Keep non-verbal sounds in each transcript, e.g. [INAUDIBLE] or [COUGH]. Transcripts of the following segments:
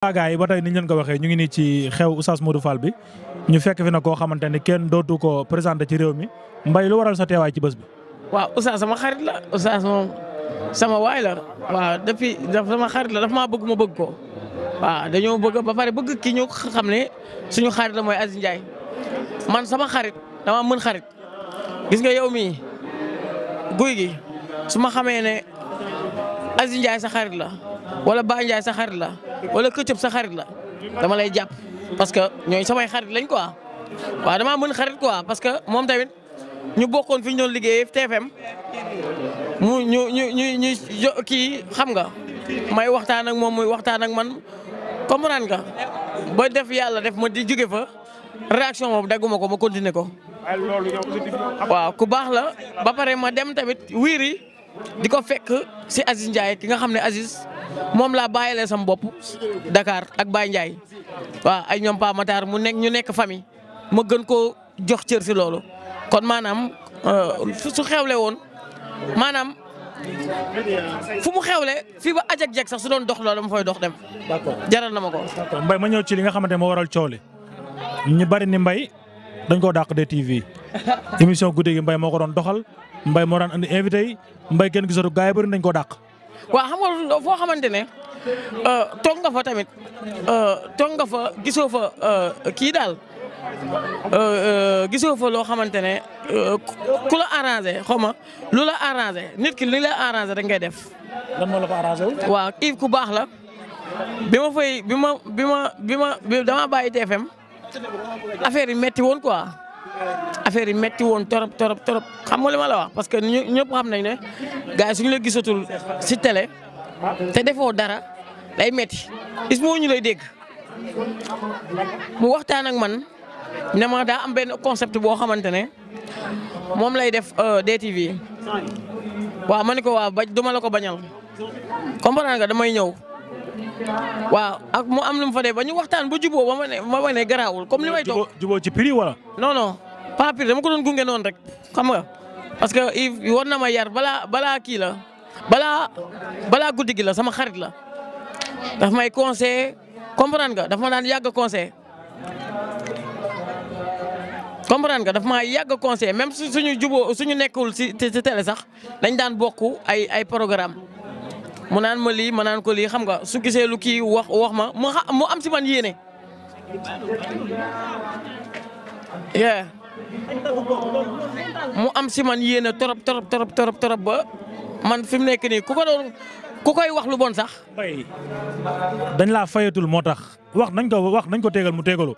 waaw yi ba tey ni ñu leen ko waxee ñu ngi nii ci xew Oustaz Modou Fall bi ñu fekk fi na koo xamante ne kenn dootu ko présenté ci réew mi mbay lu waral sa teewaay ci bés bi. waaw Oustaz sama xarit la Oustaz sama waay la waaw depuis sama xarit la dafa ma bëgg ma bëgg ko waaw dañoo bëgg ba pare bëgg ki ñu xam ne suñu xarit la mooy Aziz man sama xarit dama mën xarit gis nga yow mii guy gi su ma xamee ne Aziz sa xarit la wala Ba Ndiaye sa xarit la. wala këccëb sa xarit la dama lay jàpp parce que ñooy samay xarit lañ quoi waaw damaa mën xarit quoi parce que moom tamit ñu bokkoon fi ñu doon liggéeyee TFM mu ñu ñu ñu ñu kii xam nga may waxtaan ak moom muy waxtaan ak man comprendre ka ba def yàlla def ma di jóge fa réaction boobu dagguma ko ma continuer ko. Ah, waaw ku baax la ba pare ma dem tamit wiiri di ko fekk si Aziz Ndiaye ki nga xam ne Aziz. moom laa bàyyilee sam bopp dakaar ak Baye Ndiaye waaw ay ñoom Pa mu nekk ñu nekk famille ma gën koo jox cër si loolu kon maanaam euh, su xewle woon maanaam fu mu xewle fii ba ajak jeg sax su doon dox loolu ma fay dox dem. d'accord jaral na ma ko. mbay ma ñëw ci li nga xamante moo waral coow li ñu bari ni mbay dañ koo dàq de TV [LAUGHS] émission guddi gi mbay moo ko doon doxal mbay moo daan andi invité yi Mbaye kenn gisatu gaa yi bari nañ koo dàq. waa xam nga foo xamante ne euh, toog nga fa tamit euh, toog nga fa gisoo fa euh, kii daal gisoo fa loo xamante ne ku la arrangé xaw ma lu la arrangé nit ki li la arrangé rek ngay def. lan moo waaw Yves ku baax la bi ma fay bi ma bi ma bi ma damaa bàyyi TFM affaire yi metti woon quoi. affaire yi metti woon torop torop torop xam nga li ma la wax parce que ñëpp xam nañ ne gars suñu la gisatul si télé te defoo dara day metti is moo ñu lay dégg mu waxtaan ak man ne ma daa am benn concept boo xamante ne moom lay def euh, DTV waaw ma ne ko waaw ba duma la ko bañal comprendre nga damay ñëw waaw ak mu am lu mu fa dee ba ñu waxtaan ba juboo ba ma ne ba ma ne garaawul comme li may toog juboo ci prix wala non Pape dama ko doon gunge noonu rek xam nga parce que il war na ma yar balaa balaa kii la balaa balaa guddi gi la sama xarit la daf may conseiller comprendre nga daf ma daan yàgg conseiller comprendre nga daf ma yàgg conseiller même su suñu juboo suñu nekkul si si sax dañ daan bokk ay ay programme mu naan ma lii ma naan ko lii xam nga su gisee lu kii wax wax ma mu am si man yéene. mu am si man yéene torop torop torop torop torop ba man fi mu nekk nii ku ko doon ku koy wax lu bon sax. bay dañ laa fayatul moo tax wax nañ ko wax nañ ko tegal mu tegalu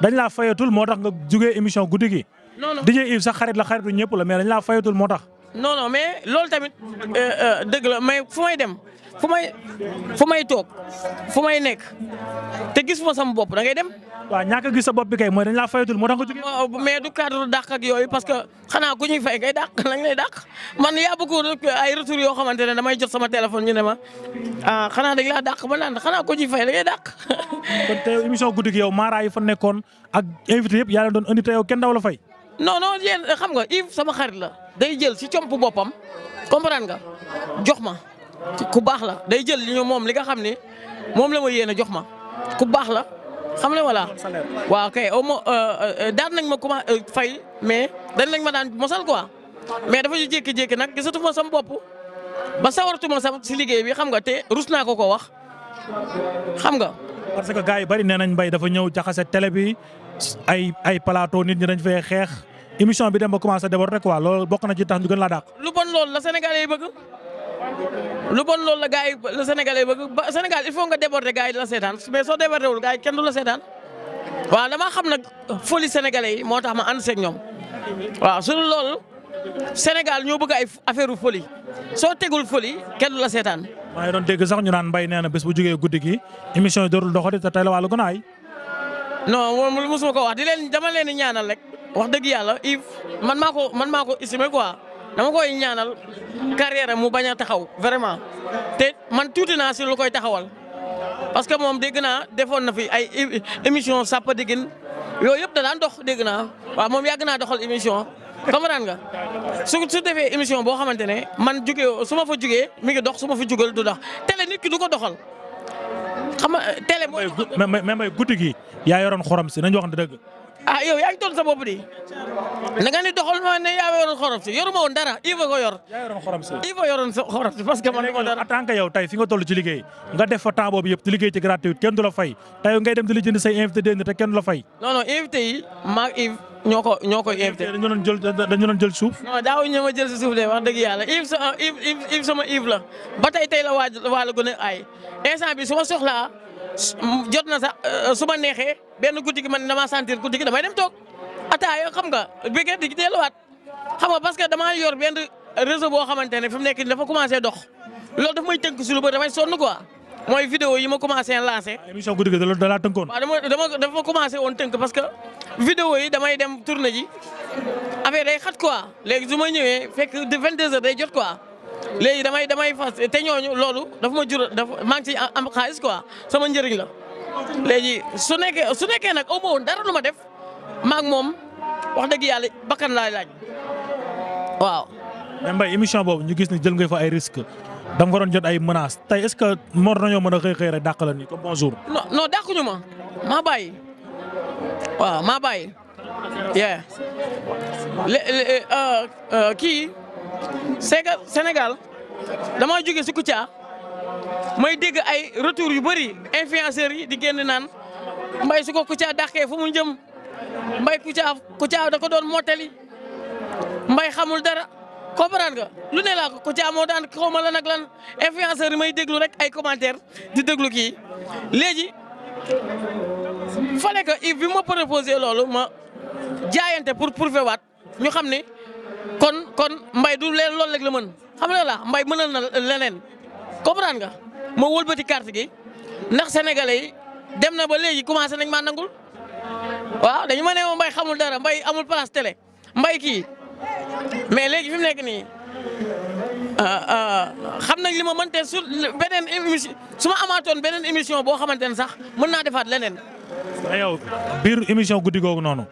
dañ laa fayatul moo tax nga jugee émission guddi gi. non non DJ Yves sax xarit la xaritu ñëpp la mais dañ laa fayatul moo tax. non mais loolu tamit euh, euh, dëgg la mais fu may dem fu may fu may toog fu may nekk te gis ma sama bopp da ngay dem. waaw ñàkk a gis sa bopp bi kay mooy dañ laa fayatul moo tax nga du cadre dàq yooyu parce que xanaa ku ñuy fay ngay dàq lañ lay man yaa bëgg ay retour yoo xamante ne damay jot sama téléphone ñu ne ma ah xanaa dañ laa dàq ma naan xanaa ku ñuy fay da ngay dàq. [LAUGHS] kon tey émission guddi gi yow Mara yi fa nekkoon ak invité yëpp yaa leen doon indi te yow kenn daw la fay. non non xam nga Yves sama xarit la. day jël si comp boppam comprendre nga jox ma ku baax la day jël li moom li nga xam ne moom la ma yéene jox ma ku baax la xam nga voilà waaw kay au moins euh, euh, daan nañ ma commencé euh, fay mais da lañ ma daan mosal quoi mais dafa ñu jékki-jékki nag gisatu ma sama bopp ba sawartu ma sax si liggéey bi xam nga te rus naa ko ko wax xam nga. parce que gars yi bari nee nañ mbay dafa ñëw jaxase télé bi ay ay plateau nit ñi dañ fay xeex. émission bi dem ba commencé d'abord rek quoi loolu bokk na ci tax ñu gën laa lu bon loolu la Sénégalais yi bëgg lu bon loolu la gars yi la Sénégalais yi bëgg ba Sénégal il faut nga déborder gars la seetaan mais soo débordé wul kenn du la seetaan waaw damaa xam nag folie Sénégalais moo tax ma ànd seeg ñoom waaw su loolu Sénégal ñoo bëgg ay affaire folie soo tegul folie kenn du la seetaan. maa ngi doon dégg sax ñu naan mbay nee na bés bu jógee guddi gi émission yi doorul doxati te tey la wàllu gën a ay. non moom mosuma di leen dama leen wax dëgg yàlla if man maa ko man maa ko estimé quoi dama koy ñaanal carrière mu bañ a taxaw vraiment te man tuuti naa si lu koy taxawal. parce que moom dégg naa defoon na fi ay émission sàppa digin yooyu yëpp da daan dox dégg naa waaw moom yàgg naa doxal émission comprendre nga su su defee émission boo xamante ne man jugee su ma fa jugee mi ngi dox su ma fa jugal du dax télé nit ki du ko doxal. xam nga télé mooy. mais mais guddi gi yaa yoroon xorom si nañu waxante dëgg. ah yow yaa ngi toll sa bopp di da ni doxal ma ne yaa yoroon xorom si yoruma woon dara il faut ko yor. yaa yoroon xorom si il yow tey fi nga toll ci liggéey nga def fa temps boobu yëpp di liggéey ci gratuit kenn du la fay tey ngay dem di lijjanti say invité déet te kenn du la fay. non non invité yi maag ñoo ko koy invité. dañu doon jël dañu doon jël suuf. non daaw ñu ma jël suuf de wax dëgg yàlla Yves sa Yves la ba tey tey la waaj waala gën a aay bi su ma jot na sax euh, su ma neexee benn guddi man damaa sentir guddi gi damay dem toog ataaya xam nga béykat di delluwaat xam nga parce que yor benn réseau boo xamante ne fi nekk nii dafa commencé dox loolu daf may tënk si lu bëri damay sonn quoi mooy vidéo yi ma commencé lancé. Ah, la da laa tënkoon. waaw dama dama dafa commencé woon tënk parce que yi damay dem tournée ji affaire day xat quoi léegi su ma ñëwee fekk de 22h day jot quoi. léegi damay damay fas te ñooñu loolu dafa ma jur dafa maa ngi ciy am xaalis quoi sama njëriñ la léegi su nekkee su nekkee nag amoo woon dara lu def maa moom wax dëgg yàlla bakkan laay laaj waaw. mais Mbaye boobu ñu gis ni jël nga ay risques dama fa jot ay menaces tey est-ce que mor nañoo mën a xëy xëy rek dàq la nii comme bonjour. non non dàquñu ma maa bàyyi waaw maa bàyyi. yeah euh, euh, kii. c'est que Sénégal jóge si Kouthia may dégg ay retour yu bëri influenceurs yi di génn naan mbay si ko Kouthia dàqee fu mu jëm mbay Kouthia Kouthia da ko doon mottali mbay xamul dara comprendre nga lu ne laa ko Kouthia moo daan xaw ma lan ak lan influenceurs yi may déglu rek ay commentaire di déglu kii léegi fallait que Yves bi ma proposé loolu ma jaayante pour prouver waat ñu xam ne kon kon mbay du leen loolu rek la mën xam nga la mbay mënal na leneen comprendre nga ma wëlbati carte gi ndax sénégalais dem na ba léegi commencé nañ ma nangul waaw dañ ma ne ma mbay xamul dara mbay amul place tele mbay kii mais léegi fi mu nekk nii euh, euh, xam nañ li ma mën te su beneen émission su ma amaatoon beneen émission boo xamante ne sax mën naa defaat leneen. yow biir émission guddi googu noonu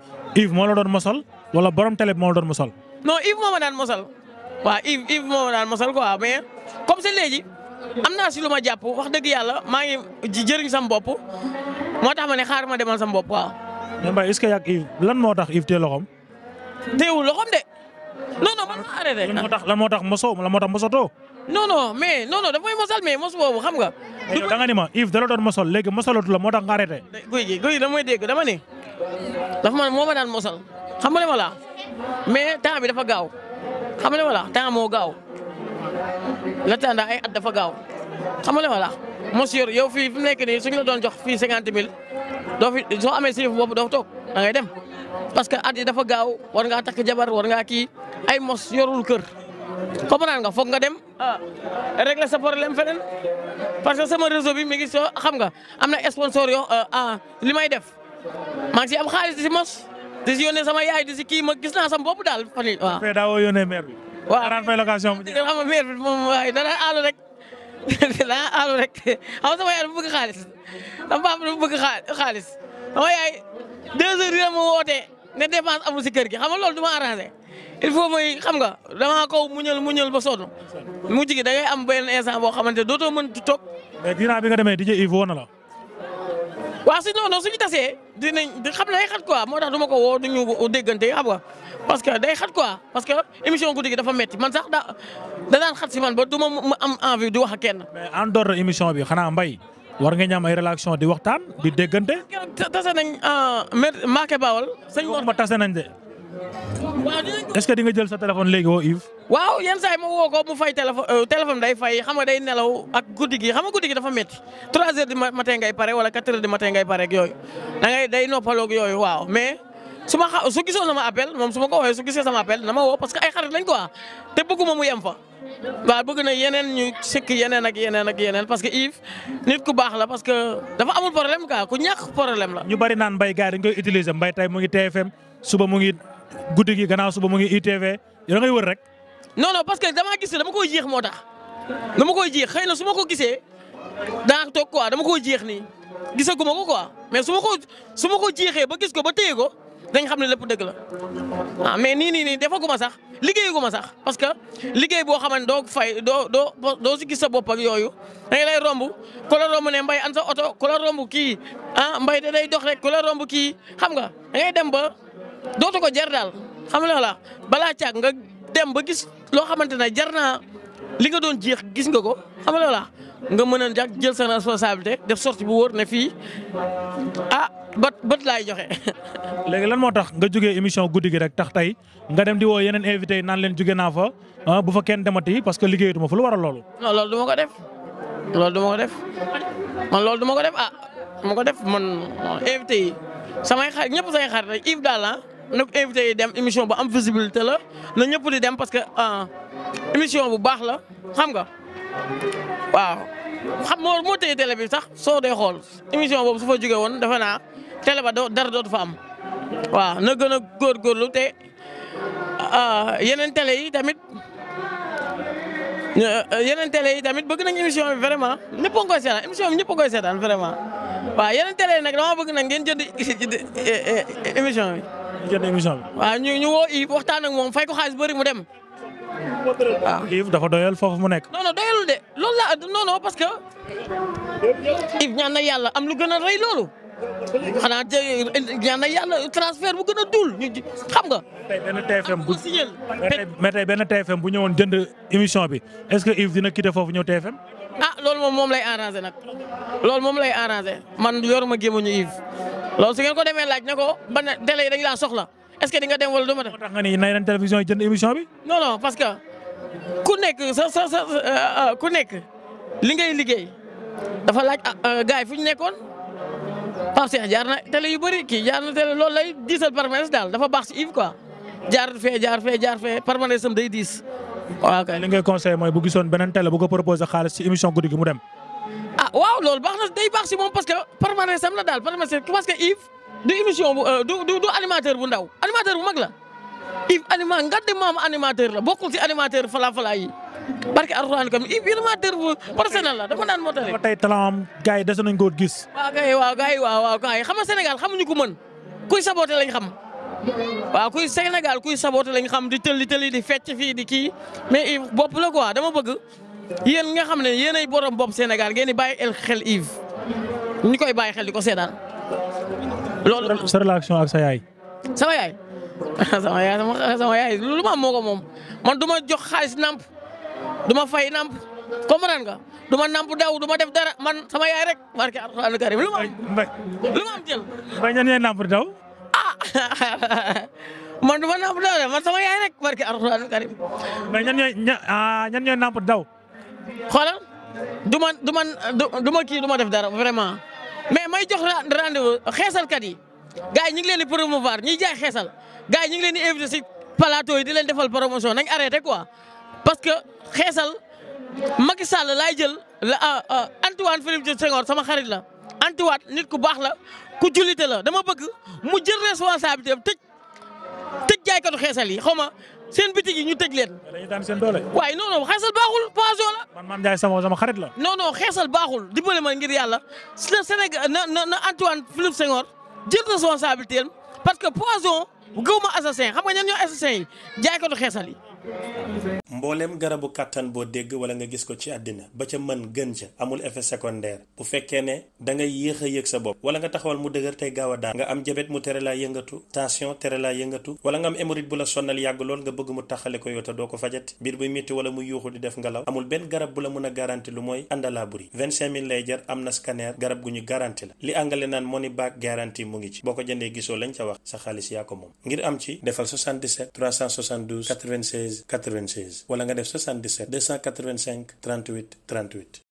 Yves moo la doon mosal wala borom tele bi moo la doon mosal. non Yves moo ma daan mosal waaw Yves Yves moo ma daan ko quoi mais comme c'est léegi am naa si lu ma jàpp wax dëgg yàlla maa ngi jëriñ sam bopp moo tax ma ne xaar ma demal sam bopp waaw. mais Mbaye est-ce que yàgg Yves lan moo tax Yves tee loxoom. teewul loxoom de non non man ma arrêté. moo tax lan moo tax mosoo lan moo tax mosatoo. non non mais non non daf may mosal mais mos boobu xam nga. du da nga ni ma Yves da la doon mosal léegi mosalatu la moo tax nga arrêté. guy gi guy gi damay dégg dama ne dafa ma moo ma daan mosal mais temps bi dafa gaaw xam nga wala temps moo gaaw le temps ay at dafa gaaw xam nga wala monsieur yow fii fi mu nekk nii doon jox fii cinquante mille doo soo amee silifu bopp doo toog da ngay dem parce que at yi dafa gaaw war ngaa takk jabar war ngaa kii ay mos yorul kër comprendre nga foog nga dem ah régler sa lem feneen parce que sama réseau bi mi gis soo xam nga am na sponsor yoo euh, ah li may def maa ngi si am xaalis si mos. di si sama yaay di si kii ma gis naa sama bopp daal fan yii waaw. fee daawoo yónnee maire bi. waaw daan fay location bi. xam nga maire bi moom waaye rek [LAUGHS] dana sama yaay dafa bëgg xaalis xaalis sama yaay deux heures yi la ma wootee ne dépense amul si kër gi xam nga loolu du ma arrangé il faut mooy xam nga damaa kaw muñal muñal ba sonn mujj gi da am benn instant boo xamante dootoo mën di toog. mais bi nga demee di Yves woon na la. waaw si non suñu tasee dinañ di xam ne day xat quoi moo tax du ma ko woo du ñu déggante xam nga parce que day xat quoi parce que émission guddi gi dafa metti man sax da daan xat si man ba du ma am envie di wax ak kenn. mais en dehors émission bi xanaa mbay war nga ñam ay relation di waxtaan di déggante. tase nañ euh, Mbacke baawal sëñ Mor ma tase nañ de. est-ce que di nga jël sa téléphone léegi woo Yves. waaw yenn saa yi woo ko mu fay téléphone euh, téléphone day fay xam nga day nelaw ak guddi gi xam nga guddi gi dafa métti 3 heures du matin ngay pare wala 4 heures du ngay pare ak yooyu da ngay day noppaloo yooyu waaw mais su ma xa su gisoon sama appel moom su ma ko woowee su gisee sama appel na ma woo parce que ay xarit lañ quoi te bëgguma mu yem fa. waaw bëgg na yeneen ñu sikk yeneen ak yeneen ak yeneen parce que Yves nit ku baax la parce que dafa amul problème quoi ku ñàkk problème la. ñu bari naan mbay gars dañ koy utiliser mbay tey mu ngi TFM suba mu ngi guddi gi gannaaw suba mu ngi ITV da ngay wër rek. non non parce que damaa gis dama koy jeex moo tax dama koy jeex xëy na su ma ko gisee daa toog quoi dama koy jeex nii gisagu ma ko quoi mais su ko su ma ko jeexee ba gis ko ba téye ko dañ xam ne lépp dëgg la ah mais nii nii nii defagu ma sax liggéeyagu ma sax parce que liggéey boo xamante doo fay doo doo doo si gis sa bopp ak yooyu dañ lay romb ku la romb ne mbay an sa oto ku romb kii ah mbay da day dox rek ku romb kii xam nga da dem dootu ko jar daal xam nga balaa caag nga dem ba gis loo xamante ne jar naa li nga doon jeex gis nga ko xam nga la nga mën a jag jël sa responsabilité def sortie bu wóor ne fii ah bët bët laay joxe. [LAUGHS] léegi lan moo tax nga jógee émission guddi gi rek tax tey nga dem di woo yeneen invité yi naan leen jóge naa fa ah, bu fa kenn demati parce que liggéeyatuma fa lu waral loolu. non loolu du ma ko def loolu du ma ko def loolu du ko def ah du ko def man invité yi samay xarit ñëpp say xarit na ko invité yi dem émission bu am la na ñëpp di dem parce que ah, émission bu baax la xam nga waaw. xam moo moo téye télé sax soo dee xool émission boobu su fa jógee woon defe naa télé ba dara dootu fa am waaw na gën a góorgóorlu te ah, yeneen tele yi tamit. Euh, euh, yeneen télé yi tamit bëgg nañ émission bi vraiment ñëpp a ngi koy seetaan émission bi ñëpp a koy seetaan vraiment waaw yeneen télé yi nag dama bëgg nag ngeen jënd [LAUGHS] euh, émission bi. jënd émission bi. ñu ñu woo Yves waxtaan ak moom fay ko xaalis bëri mu dem. waaw Yves dafa doyal foofu mu nekk. non non doyalul de loolu laa non non parce que Yves ñaan na yàlla am lu gën a rëy loolu. xanaa te ñaan na yàlla a duul ñu xam nga. tey benn TFM bu mais tey bu ñëwoon jënd émission bi est-ce que Yves dina quitter foofu ñëw TFM. ah loolu moom moom lay arrangé nag loolu moom lay arrangé man yoruma gémmuñu Yves loolu su ngeen ko demee laaj ne ko ban télé dañu laa soxla est-ce que di dem wala du ma dem. moo tax nga ni nay leen télévision yi jënd émission bi. non non parce que ku nekk sa sa sa euh, euh, ku nekk li ngay liggéey dafa laaj ah, euh, gars fu ñu nekkoon. Pape Cheikh jaar na télé yu bëri kii jaar na télé loolu lay diisal permanence daal dafa baax si Yves quoi jaar fee jaar fee jaar fee permanence day diis waaw kay. li ngay conseillé mooy bu gisoon beneen télé bu ko xaalis si émission guddi gi mu dem. ah waaw loolu baax na day baax si moom parce que permanence am la daal permanence parce que Yves du émission bu euh, du du animateur bu ndaw animateur bu mag la Yves anima nga maam animateur la bokkul si animateur falaa falaa yi. barke alxuraan kam vraiment dër bu personnel la dafa daan motali. dafa tey talent am gars dese nañ koo gis. waaw gars yi waaw gars yi waaw waaw xam nga Sénégal kuy saboté lañ xam waaw kuy Sénégal kuy saboté lañ xam di tëlli tëlli di fecc fii di kii mais Yves bopp la quoi dama bëgg yéen nga xam ne yéenay borom bopp Sénégal ngeen di bàyyi el xel Yves ñu koy bàyyi xel di ko seedaan. loolu sa relation ak sa yaay. sama yaay [LAUGHS] yaay sama lu ma am moom man du ma jox xaalis namp. du ma fay namp comprendre nga du ma namp daw du ma def dara man sama yaay rek barke alxuraan karim lu ma am. lu ma mbay ñan ñooy namp daw. ah [LAUGHS] man du ma namp daw de man sama yaay rek barke alxuraan karim. mbay ñan ñooy ah, ñan namp daw. xoolal du ma du ma du ma kii du ma def dara vraiment mais may jox rendez-vous xeesalkat yi gars yi ñu ngi leen di promouvoir ñuy jaay xeesal gars yi ñu ngi leen di invité si plateau yi di leen defal promotion nañ arrêté quoi. parce que xeesal Macky Sall laay jël la ah, ah, Antoine Philippe Senghor sama xarit la Antoine nit ku baax la ku jullite la dama bëgg mu jël responsabilité am tëj tëj jaaykatu xeesal yi xaw ma seen bitig yi ñu tëj leen. dañuy daan seen waaye non non xeesal baaxul poison la. man sama xarit la. non non xeesal baaxul dimbale ma ngir yàlla si la Sénégal na na na Antoine Philippe jël responsabilité am parce que poison gëw ma assassin xam nga ñan ñoo assassin yi jaaykatu xeesal yi. mbooleem garabu kàttan boo dégg wala nga gis ko ci àddina ba ca mën gën ca amul effet secondaire bu fekkee ne da nga yéex a yëg sa bopp wala nga taxawal mu dëgër tey gaaw a daan nga am jabet mu tere laa yëngatu tension tere laa yëngatu wala nga am hémorroïde bu la sonnal yàgg lool nga bëgg mu taxale ko yow doo ko fajati biir buy métti wala mu yuuxu di def ngelaw amul benn garab bu la mën a garanti lu mooy àndalaa buri 25000 lay jar am na scanner garab gu ñu garanti la li angale ngi ci boo ko jëndee gisoo lañ ca wax xaalis yaa ko moom ngir am ci defal 77 372 96 76 96 wala nga def 77 285 38 38.